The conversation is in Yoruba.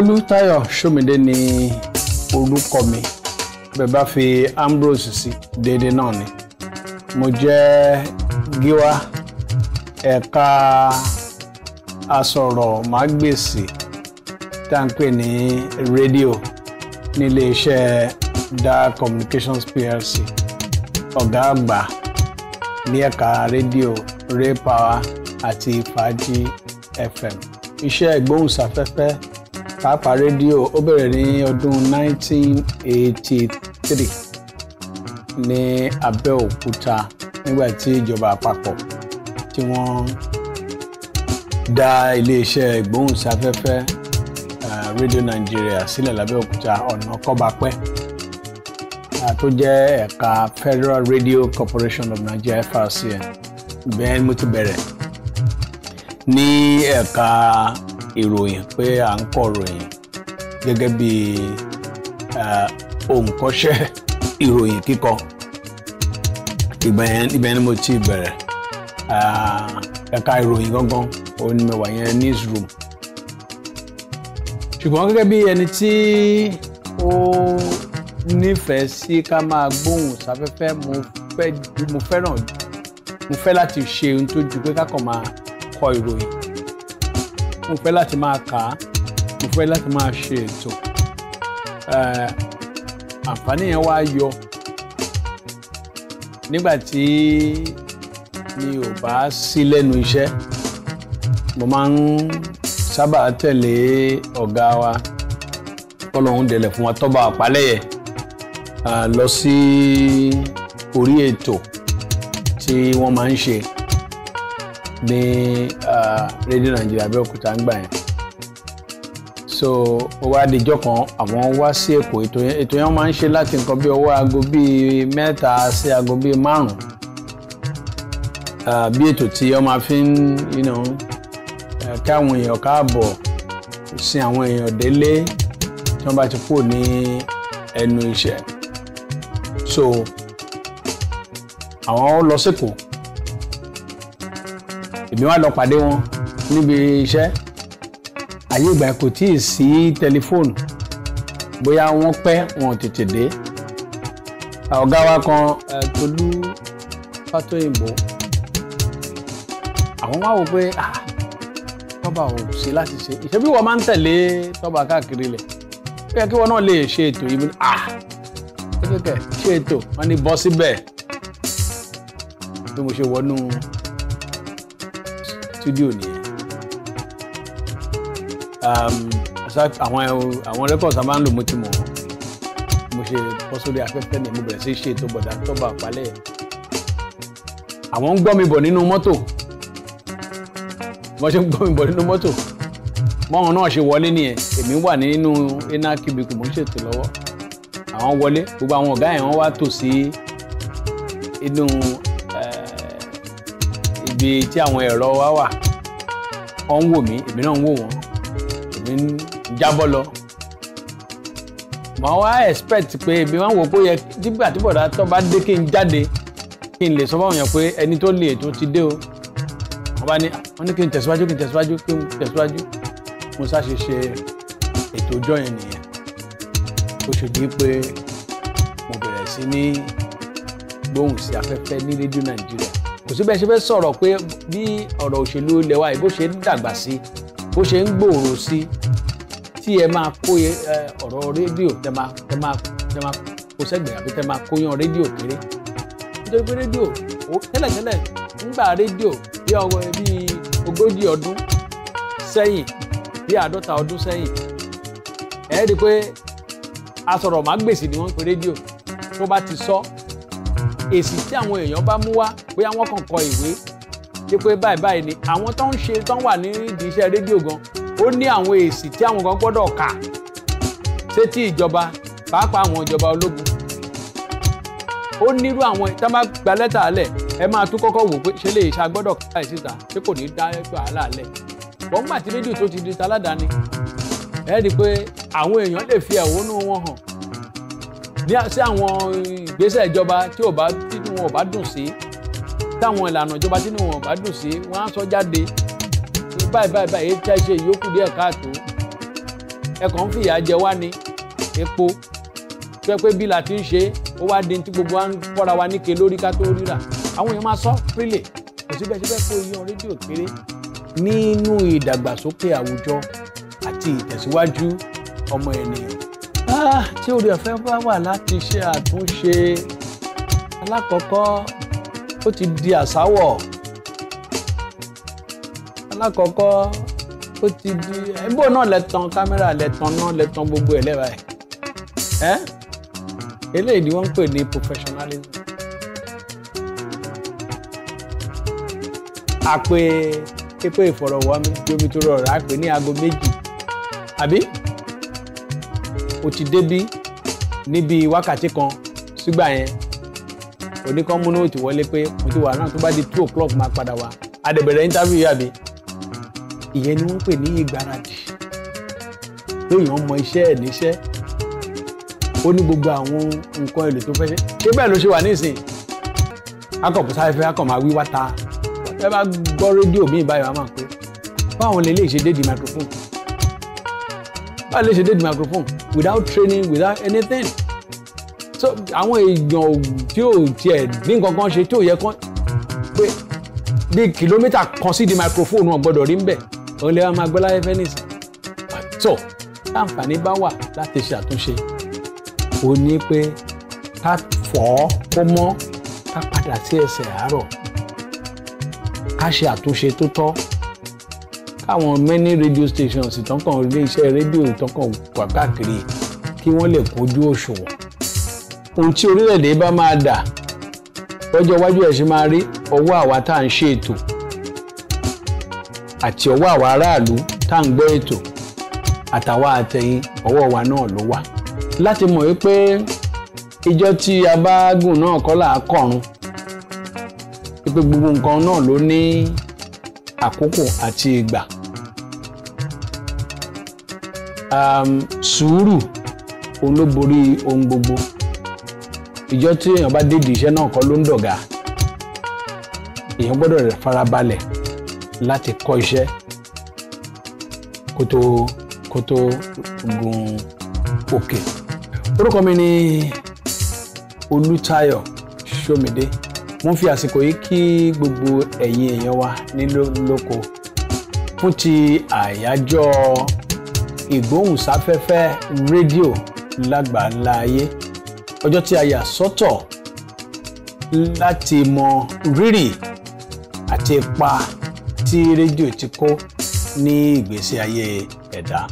Olútáyọ̀ Ṣómìdé ni orúkọ mi bẹ́ẹ̀ fi Ambrose sí déédéé náà ni mo jẹ́ gíwá ẹ̀ka asọ̀rọ̀mágbèsì tá ni ń pè rédíò níléeṣẹ́ Dar Communications PLC ọ̀gá àgbà ní ẹ̀ka rédíò Ray Power àti Fàájì FM iṣẹ́ ìgbóhùnsáfẹ́fẹ́ pàápàá rédíò ó bẹ̀rẹ̀ ní ọdún 1983 ní Abẹ́òkúta nígbà tí ìjọba àpapọ̀ tí wọ́n dá iléeṣẹ́ ìgbóhùnsáfẹ́fẹ́ rédíò Nàìjíríà sílẹ̀ lábẹ́òkúta ọ̀nà kọ́bapẹ́ tó jẹ́ ẹ̀ka Federal Radio Corporation of Nigeria FRCN bẹ́ẹ̀ ni mo ti bẹ̀rẹ̀ ní ẹ̀ka ìròyìn pé à ń kọ̀ròyìn gẹ́gẹ́ bí òǹkọ́ṣẹ́ ìròyìn kíkọ ibẹ̀ ni mo ti bẹ̀rẹ̀ ẹ̀ka ìròyìn gangan òun ni mo wà yẹn newsroom ṣùgbọ́n gẹ́gẹ́ bí ẹni tí ó nífẹ̀ẹ́ sí ká máa gbóhùn sáfẹ́fẹ́ mo fẹ́ràn mo fẹ́ láti ṣe ohun tó ju pé ká kàn máa kọ ìròyìn mo fẹ́ láti máa kà á mo fẹ́ láti máa ṣe ètò àǹfààní yẹn wá yọ nígbà tí mi ò bá sí lẹ́nu iṣẹ́ mo máa ń sábà tẹ̀lé ọ̀gá wa kọ́lọ́hún dẹ̀lẹ̀ fún wa tọ́ba àpálẹ̀yẹ lọ sí orí ètò tí wọ́n máa ń ṣe ní rédíò nàìjíríà abẹ́òkúta ń gbà yẹn so ó wá dijọ́ kan àwọn wá sí èkó ètò yẹn máa ń ṣe láti nǹkan bí ọwọ́ aago bíi mẹ́ta sí aago bíi márùn-ún bí ètò tí wọ́n máa fi ń káwọn èèyàn káàbọ̀ sin àwọn èèyàn délé tí wọ́n bá ti kú ní ẹnu iṣẹ́ so àwọn lọ sí Èkó èmi wá lọ pàdé wọn níbi iṣẹ́ àyè ìgbà kò tí ì sí tẹlifóònù bóyá wọ́n pẹ́ wọn tètè dé ọ̀gá wa kan Tolú Fátóyìnbó àwọn wá wò pé ah, tọ́ba ò ṣe láti ṣe ìṣẹ́bí wọ́n máa ń tẹ̀lé tọ́ba káàkiri lẹ̀ ó kí wọ́n náà lè ṣe ètò yìí ah kékeré ṣe ètò wọ́n ní bọ́ síbẹ̀ bí mo ṣe wọnú studio nìyẹn um, àwọn àwọn records a máa ń lò mo ti mọ̀ mo ṣe bọ́ sórí afẹ́fẹ́ ni mo bẹ̀rẹ̀ sí ṣe ètò bọ̀dà tọ́ba àpálẹ̀ àwọn ń gbọ́ mi bọ̀ nínú mọ́tò wọ́n ṣe ń gbọ́ mi bọ̀ nínú mọ́tò mọ́rùn náà ṣe wọlé nìyẹn èmi wà nínú iná kíbikù mo ń ṣètò lọ́wọ́ àwọn wọlé gbogbo àwọn ọ̀gá yẹn wọ́n wá tò sí inú eh, ibi tí àwọn ẹ̀rọ wa wà wọ́n ń wò mí èmi náà ń wò wọ́n èmi ń jábọ́ lọ màá wá expect pé èmi máa ń wò pé ó yẹ nígbà tí bọ̀dá tó bá dé kí n jáde kí n lè sọ fáwọn èèyàn pé ẹni tó lè tó ti dé o wọ́n bá ní wọ́n ní kí n tẹ̀síwájú kí n tẹ̀síwájú kí n tẹ̀síwájú mo ṣáṣe ṣe ètò ọjọ́ yẹn nìyẹn ó ṣe di pé mo bẹ̀rẹ̀ sí ní gbóhùn sí afẹ́fẹ́ ní rédíò nàìjíríà kò sí bẹ́ẹ̀ ṣe fẹ́ sọ̀rọ̀ pé bí ọ̀rọ̀ òṣèlú ilẹ̀ wa yìí bó ṣe ń dàgbà sí bó ṣe ń gbòòrò sí tí ẹ máa kó ọ̀rọ̀ rédíò tẹ máa tẹ máa tẹ máa kó sẹ́gbẹ̀ẹ́ àbí tẹ máa kó yan rédíò kéré nítorí pé rédíò tẹ́lẹ̀tẹ́lẹ̀ nígbà rédíò bí ọwọ́ bí ogójì ọdún sẹ́yìn bí àádọ́ta ọdún sẹ́yìn ẹ rí i pé asọ̀rọ̀mágbèsì ni wọ́n ń pe rédíò tó bá ti sọ èsì tí àwọn èèyàn bá mú wá bóyá wọ́n kàn kọ ìwé ṣe pé báyìí báyìí ni àwọn tó ń ṣe tó ń wà nídìí iṣẹ́ rédíò gan ó ní àwọn èsì tí àwọn kan gbọ́dọ̀ kà ṣé ti ìjọba pàápàá àwọn ìjọba ológun ó nírú àwọn tá a bá gba lẹ́tà alẹ̀ ẹ máa tún kọ́kọ́ wò pé ṣé lè ṣe agbọ́dọ̀ ká ẹ̀ síta ṣé kò ní dá wàhálà alẹ̀ wọ́n gbà tí rédíò tó ti di taládàáni ẹ̀ ẹ́ di pé àwọn èèyàn lè fi ẹ̀hónú wọn hàn bí sí àwọn ìgbésẹ̀ ìjọba tí ò bá tínú wọn ò bá dùn sí táwọn ìlànà ìjọba tínú wọn ò bá dùn sí wọn á sọ jáde báyìí báyìí báyìí tí a ṣe ìyókù díẹ̀ káàtó ẹ kàn ń fìyà jẹ wá ní epo tó pé bí la ń ṣe ó wá di tí gbogbo wa ń fọ́ra wa níke lórí ká tó rírà àwọn èèyàn máa sọ frílẹ̀ kò síbẹ̀ síbẹ̀ kó iye rédíò kéré nínú ìdàgbàsókè àwùjọ àti ìtẹ̀síwájú ọmọ ènìyàn. Ah, tí orí ọ̀fẹ́ bá wà láti ṣe àtúnṣe alákọ̀ọ́kọ́ ó ti di àsáwọ̀ alákọ̀ọ́kọ́ ó ti di ẹ̀bùn náà lẹ́tàn kámẹ́rà lẹ́tàn náà lẹ́tàn gbogbo ẹ̀ lẹ́wàá ẹ̀ eléyìí ni wọ́n ń pè ní professionalism. àpè pípé ìfọ̀rọ̀wọ́ mi yomi tó rọrùn àpè ní aago méjì àbí o ti débí níbi wákàtí kan sígbà yẹn oníkan múnú òtí wọlé pé mo ti wà náà tó bá di two o'clock máa padà wá adẹ̀bẹ̀rẹ̀ interview yàbí ìyẹn ni wọ́n pè ní ìgbáradì lóyún ọmọ iṣẹ́ ẹ̀ níṣẹ́ ó ní gbogbo àwọn nǹkan èlò tó fẹ́ ṣe ṣé bẹ́ẹ̀ ló ṣe wà nísìn akọ̀pọ̀ sáfẹ́fẹ́ akọ̀ máa wí wáta ẹ bá gbọ́ rédíò míì báyọ̀ á pé báwọn lè lè ṣe dédìí microphone báwo lè ṣe dédìí microphone without training without anything so àwọn èèyàn tí ò tiẹ̀ ní nǹkan kan ṣe tí ò yẹ kán pé bí kìlómítà kan sí di microphone wọn gbọ́dọ̀ rí ń bẹ̀ òun lè wá máa gbọ́ láyé fẹ́nìsì so láǹfààní bá wà láti ṣe àtúnṣe ó ní pé ká fọ̀ ọ́ kó mọ́ ká padà sí ẹsẹ̀ àárọ̀ ká ṣe àtúnṣe tó tọ́ káwọn many radio stations ìtọ́kàn ilé iṣẹ́ rédíò ìtọ́kàn wà káàkiri kí wọ́n lè kojú òṣùwọ̀n ohun tí orílẹ̀-èdè bá máa dà lọ́jọ́ iwájú ẹ̀ ṣe máa rí ọwọ́ àwa tá à ń ṣe ètò àti ọwọ́ àwa aráàlú tá à ń gbọ́ ètò àtàwa àtẹ̀yìn ọwọ́ wa náà ló wà láti mọ̀ wípé ìjọ tí a bá gùn náà kọ́ là á kọ̀run wípé gbogbo nǹkan náà ló ní àkókò àti ìgbà sùúrù òun ló borí ohun gbogbo ìjọ tí èèyàn bá dédìí iṣẹ́ náà kọ́ ló ń dọ̀gá èèyàn gbọ́dọ̀ rẹ̀ farabalẹ̀ láti kọ́ iṣẹ́ kó tó gun òkè orúkọ mi ni Olútayọ̀ Ṣómidé mo fi àsìkò yìí kí gbogbo ẹ̀yin èèyàn wa nílò lóko fún ti àyájọ́ ìgbóhùnsáfẹ́fẹ́ rédíò lágbàńlá ayé ọjọ́ tí a yà sọ́tọ̀ láti mọ rírì àti ipa tí rédíò ti kó ní ìgbésí ayé ẹ̀dá